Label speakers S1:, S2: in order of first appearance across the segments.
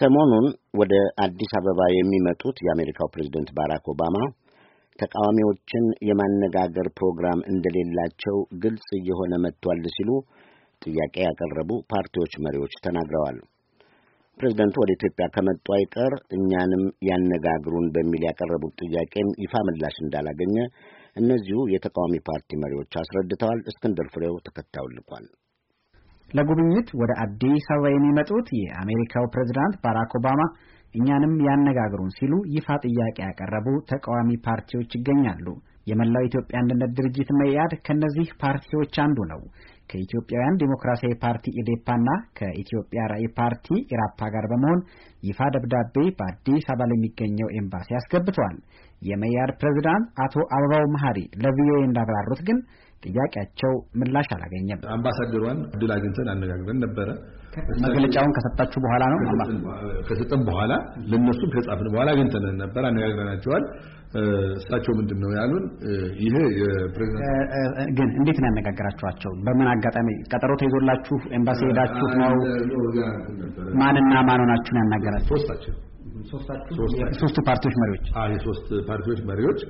S1: ሰሞኑን ወደ አዲስ አበባ የሚመጡት የአሜሪካው ፕሬዝደንት ባራክ ኦባማ ተቃዋሚዎችን የማነጋገር ፕሮግራም እንደሌላቸው ግልጽ እየሆነ መጥቷል ሲሉ ጥያቄ ያቀረቡ ፓርቲዎች መሪዎች ተናግረዋል። ፕሬዝደንቱ ወደ ኢትዮጵያ ከመጡ አይቀር እኛንም ያነጋግሩን በሚል ያቀረቡት ጥያቄም ይፋ ምላሽ እንዳላገኘ እነዚሁ የተቃዋሚ ፓርቲ መሪዎች አስረድተዋል። እስክንድር ፍሬው ተከታዩን ልኳል። ለጉብኝት ወደ አዲስ አበባ የሚመጡት የአሜሪካው ፕሬዝዳንት ባራክ ኦባማ እኛንም ያነጋግሩን ሲሉ ይፋ ጥያቄ ያቀረቡ ተቃዋሚ ፓርቲዎች ይገኛሉ። የመላው ኢትዮጵያ አንድነት ድርጅት መኢአድ ከእነዚህ ፓርቲዎች አንዱ ነው። ከኢትዮጵያውያን ዴሞክራሲያዊ ፓርቲ ኢዴፓና ከኢትዮጵያ ራዕይ ፓርቲ ኢራፓ ጋር በመሆን ይፋ ደብዳቤ በአዲስ አበባ ለሚገኘው ኤምባሲ አስገብተዋል። የመያድ ፕሬዝዳንት አቶ አበባው መሀሪ ለቪኦኤ እንዳብራሩት ግን ጥያቄያቸው ምላሽ አላገኘም።
S2: አምባሳደሯን እድል አግኝተን አነጋግረን ነበረ። መግለጫውን ከሰጣችሁ በኋላ ነው? ከሰጠን በኋላ ለእነሱም ከጻፍን በኋላ አግኝተን ነበር፣ አነጋግረናቸዋል። እሳቸው ምንድን ነው ያሉን? ይሄ የፕሬዝዳንት
S1: ግን እንዴት ነው ያነጋግራችኋቸው? በምን አጋጣሚ ቀጠሮ ተይዞላችሁ ኤምባሲ ሄዳችሁ ነው? ማንና ማን ሆናችሁ ነው ያናገራችሁ? ሶስታችን ሶስቱ ፓርቲዎች መሪዎች
S2: የሶስት ፓርቲዎች መሪዎች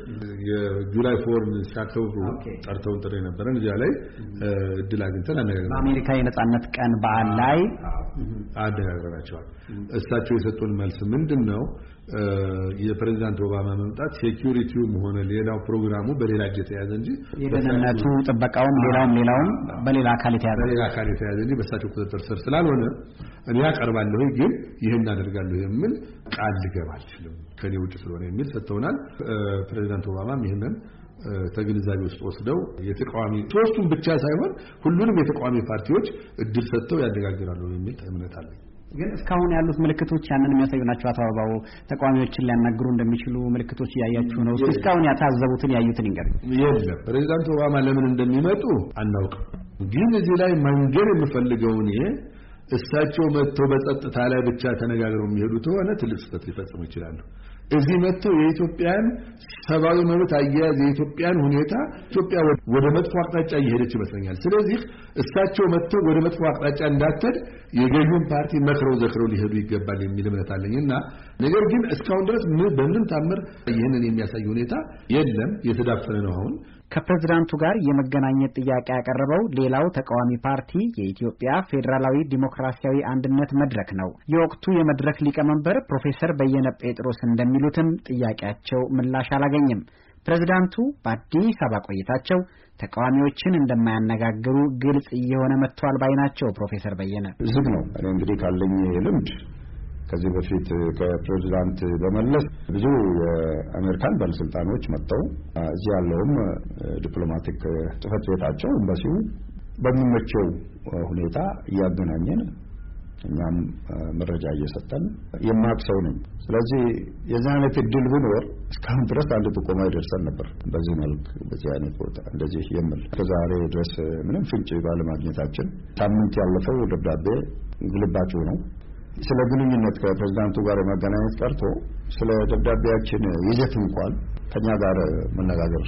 S2: የጁላይ ፎርም ሲያከብሩ ጠርተውን ጥሪ ነበረን። እዚያ ላይ እድል አግኝተን አነጋግረናል። በአሜሪካ የነጻነት ቀን በዓል ላይ አነጋግረናቸዋል። እሳቸው የሰጡን መልስ ምንድን ነው? የፕሬዚዳንት ኦባማ መምጣት ሴኩሪቲውም ሆነ ሌላው ፕሮግራሙ በሌላ እጅ የተያዘ እንጂ
S1: የደህንነቱ ጥበቃውም ሌላውም ሌላውም በሌላ አካል የተያዘ በሌላ
S2: አካል የተያዘ እንጂ በእሳቸው ቁጥጥር ስር ስላልሆነ እኔ አቀርባለሁ፣ ግን ይህን አደርጋለሁ የምል ቃል ልገባ አልችልም ከኔ ውጭ ስለሆነ የሚል ሰጥተውናል። ፕሬዚዳንት ኦባማም ይህንን ከግንዛቤ ውስጥ ወስደው የተቃዋሚ ሶስቱን ብቻ ሳይሆን ሁሉንም የተቃዋሚ ፓርቲዎች እድል ሰጥተው ያነጋግራሉ የሚል እምነት አለኝ።
S1: ግን እስካሁን ያሉት ምልክቶች ያንን የሚያሳዩ ናቸው። አቶ አበባው ተቃዋሚዎችን ሊያናግሩ እንደሚችሉ ምልክቶች እያያችሁ ነው። እስካሁን ያታዘቡትን ያዩትን ይንገር። የለም
S2: ፕሬዚዳንት ኦባማ ለምን እንደሚመጡ አናውቅም። ግን እዚህ ላይ መንገድ የምፈልገው እኔ እሳቸው መጥተው በጸጥታ ላይ ብቻ ተነጋግረው የሚሄዱ ከሆነ ትልቅ ስህተት ሊፈጽሙ ይችላሉ። እዚህ መጥተው የኢትዮጵያን ሰብአዊ መብት አያያዝ የኢትዮጵያን ሁኔታ ኢትዮጵያ ወደ መጥፎ አቅጣጫ እየሄደች ይመስለኛል። ስለዚህ እሳቸው መጥተው ወደ መጥፎ አቅጣጫ እንዳትሄድ የገዥውን ፓርቲ መክረው ዘክረው ሊሄዱ ይገባል የሚል እምነት አለኝ እና ነገር ግን እስካሁን ድረስ በምንም ታምር ይህንን የሚያሳይ ሁኔታ የለም። የተዳፈነ ነው አሁን
S1: ከፕሬዝዳንቱ ጋር የመገናኘት ጥያቄ ያቀረበው ሌላው ተቃዋሚ ፓርቲ የኢትዮጵያ ፌዴራላዊ ዲሞክራሲያዊ አንድነት መድረክ ነው። የወቅቱ የመድረክ ሊቀመንበር ፕሮፌሰር በየነ ጴጥሮስ እንደሚሉትም ጥያቄያቸው ምላሽ አላገኝም። ፕሬዝዳንቱ በአዲስ አበባ ቆይታቸው ተቃዋሚዎችን እንደማያነጋግሩ ግልጽ እየሆነ መጥቷል ባይ ናቸው። ፕሮፌሰር በየነ ዝግ ነው።
S2: እኔ እንግዲህ ካለኝ ልምድ ከዚህ በፊት ከፕሬዚዳንት በመለስ ብዙ የአሜሪካን ባለስልጣኖች መጥተው እዚህ ያለውም ዲፕሎማቲክ ጽህፈት ቤታቸው ኤምባሲው በሚመቸው ሁኔታ እያገናኘን እኛም መረጃ እየሰጠን የማቅ ሰው ነኝ። ስለዚህ የዚህ አይነት እድል ብንወር እስካሁን ድረስ አንድ ጥቆማ ይደርሰን ነበር። በዚህ መልክ በዚህ አይነት ቦታ እንደዚህ የምል ከዛሬ ድረስ ምንም ፍንጭ ባለማግኘታችን ሳምንት ያለፈው ደብዳቤ ግልባጩ ነው። ስለ ግንኙነት ከፕሬዝዳንቱ ጋር የመገናኘት ቀርቶ ስለ ደብዳቤያችን ይዘት እንኳን ከኛ ጋር መነጋገር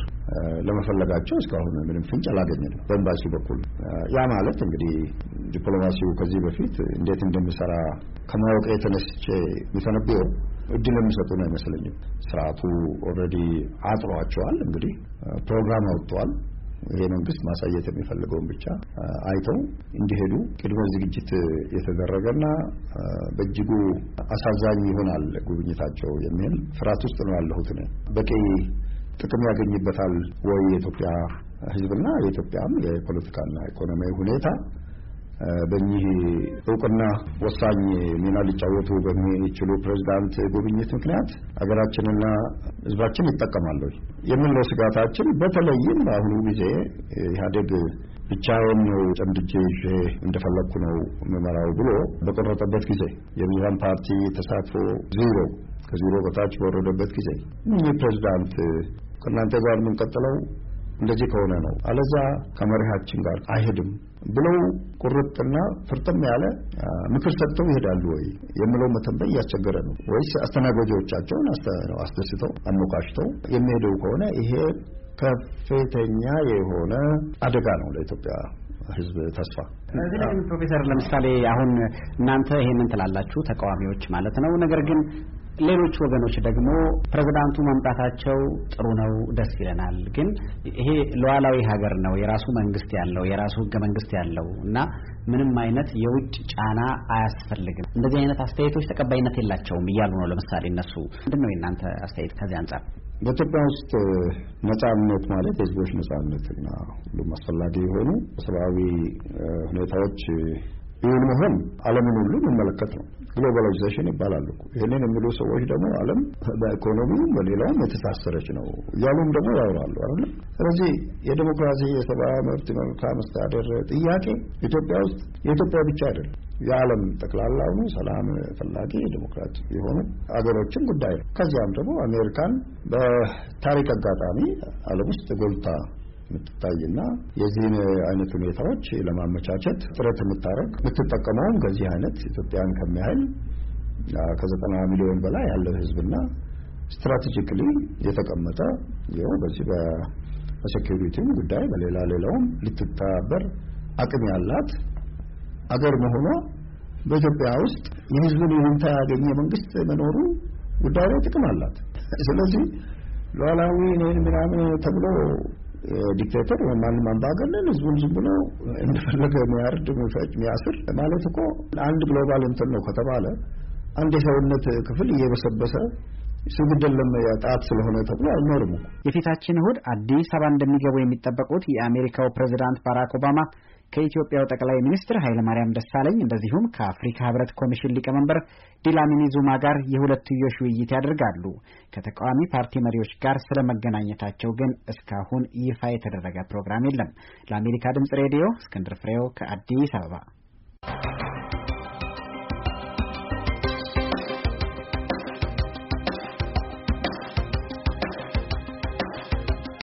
S2: ለመፈለጋቸው እስካሁን ምንም ፍንጭ አላገኘንም በኤምባሲ በኩል። ያ ማለት እንግዲህ ዲፕሎማሲው ከዚህ በፊት እንዴት እንደሚሰራ ከማወቅ የተነስቼ የሚተነብየው እድል የሚሰጡን አይመስለኝም። ስርዓቱ ኦልሬዲ አጥሯቸዋል። እንግዲህ ፕሮግራም አውጥተዋል። ይሄ መንግስት ማሳየት የሚፈልገውን ብቻ አይተው እንዲሄዱ ቅድመ ዝግጅት የተደረገና በእጅጉ አሳዛኝ ይሆናል ጉብኝታቸው የሚል ፍርሃት ውስጥ ነው ያለሁት። በቂ ጥቅም ያገኝበታል ወይ የኢትዮጵያ ህዝብና የኢትዮጵያም የፖለቲካና ኢኮኖሚያዊ ሁኔታ በእኚህ እውቅና ወሳኝ ሚና ሊጫወቱ በሚችሉ ፕሬዚዳንት ጉብኝት ምክንያት ሀገራችንና ሕዝባችን ይጠቀማሉ የምንለው ስጋታችን በተለይም በአሁኑ ጊዜ ኢህአዴግ ብቻውን ነው ጨምድጄ ይዤ እንደፈለግኩ ነው መመራው ብሎ በቆረጠበት ጊዜ የብዙሀን ፓርቲ ተሳትፎ ዜሮ ከዜሮ በታች በወረደበት ጊዜ ይህ ፕሬዚዳንት ከእናንተ ጋር የምንቀጥለው እንደዚህ ከሆነ ነው አለዛ ከመሪሃችን ጋር አይሄድም ብለው ቁርጥና ፍርጥም ያለ ምክር ሰጥተው ይሄዳሉ ወይ የምለው መተንበይ እያስቸገረ ነው። ወይስ አስተናጋጆቻቸውን አስደስተው አሞካሽተው የሚሄደው ከሆነ ይሄ ከፍተኛ የሆነ አደጋ ነው ለኢትዮጵያ ህዝብ ተስፋ።
S1: ፕሮፌሰር፣ ለምሳሌ አሁን እናንተ ይሄንን ትላላችሁ ተቃዋሚዎች ማለት ነው። ነገር ግን ሌሎች ወገኖች ደግሞ ፕሬዝዳንቱ መምጣታቸው ጥሩ ነው፣ ደስ ይለናል። ግን ይሄ ሉዓላዊ ሀገር ነው፣ የራሱ መንግስት ያለው የራሱ ህገ መንግስት ያለው እና ምንም አይነት የውጭ ጫና አያስፈልግም፣ እንደዚህ አይነት አስተያየቶች ተቀባይነት የላቸውም እያሉ ነው። ለምሳሌ እነሱ ምንድን ነው የእናንተ አስተያየት ከዚህ አንጻር?
S2: በኢትዮጵያ ውስጥ ነጻነት ማለት የህዝቦች ነጻነት እና ሁሉም አስፈላጊ የሆኑ ሰብአዊ ሁኔታዎች ይህን መሆን ዓለምን ሁሉ የሚመለከት ነው። ግሎባላይዜሽን ይባላሉ። ይህንን የሚሉ ሰዎች ደግሞ ዓለም በኢኮኖሚውም በሌላውም የተሳሰረች ነው እያሉም ደግሞ ያወራሉ አለ። ስለዚህ የዲሞክራሲ የሰብአዊ መብት መልካም መስተዳደር ጥያቄ ኢትዮጵያ ውስጥ የኢትዮጵያ ብቻ አይደለም የዓለም ጠቅላላ ነው። ሰላም ፈላጊ ዲሞክራት የሆኑ አገሮችን ጉዳይ ነው። ከዚያም ደግሞ አሜሪካን በታሪክ አጋጣሚ ዓለም ውስጥ ጎልታ የምትታይና የዚህን አይነት ሁኔታዎች ለማመቻቸት ጥረት የምታደረግ የምትጠቀመውም ከዚህ አይነት ኢትዮጵያን ከሚያህል ከዘጠና ሚሊዮን በላይ ያለው ህዝብና ስትራቴጂክሊ የተቀመጠ ይኸው በዚህ በሴኪሪቲም ጉዳይ በሌላ ሌላውም ልትተባበር አቅም ያላት አገር መሆኗ በኢትዮጵያ ውስጥ የህዝብን ይሁንታ ያገኘ መንግስት መኖሩ ጉዳይ ላይ ጥቅም አላት። ስለዚህ ሉዓላዊ ነን ምናምን ተብሎ ዲክቴተር ወይም ማንም አምባገነን ህዝቡን ዝም ብሎ እንደፈለገ የሚያርድ የሚፈጭ የሚያስር ማለት እኮ አንድ
S1: ግሎባል እንትን ነው ከተባለ አንድ የሰውነት ክፍል እየበሰበሰ ስግደል ለመያጣት ስለሆነ ተብሎ አይኖርም። የፊታችን እሁድ አዲስ አበባ እንደሚገቡ የሚጠበቁት የአሜሪካው ፕሬዝዳንት ባራክ ኦባማ ከኢትዮጵያው ጠቅላይ ሚኒስትር ኃይለማርያም ደሳለኝ እንደዚሁም ከአፍሪካ ህብረት ኮሚሽን ሊቀመንበር ዲላሚኒ ዙማ ጋር የሁለትዮሽ ውይይት ያደርጋሉ። ከተቃዋሚ ፓርቲ መሪዎች ጋር ስለ መገናኘታቸው ግን እስካሁን ይፋ የተደረገ ፕሮግራም የለም። ለአሜሪካ ድምጽ ሬዲዮ እስክንድር ፍሬው ከአዲስ አበባ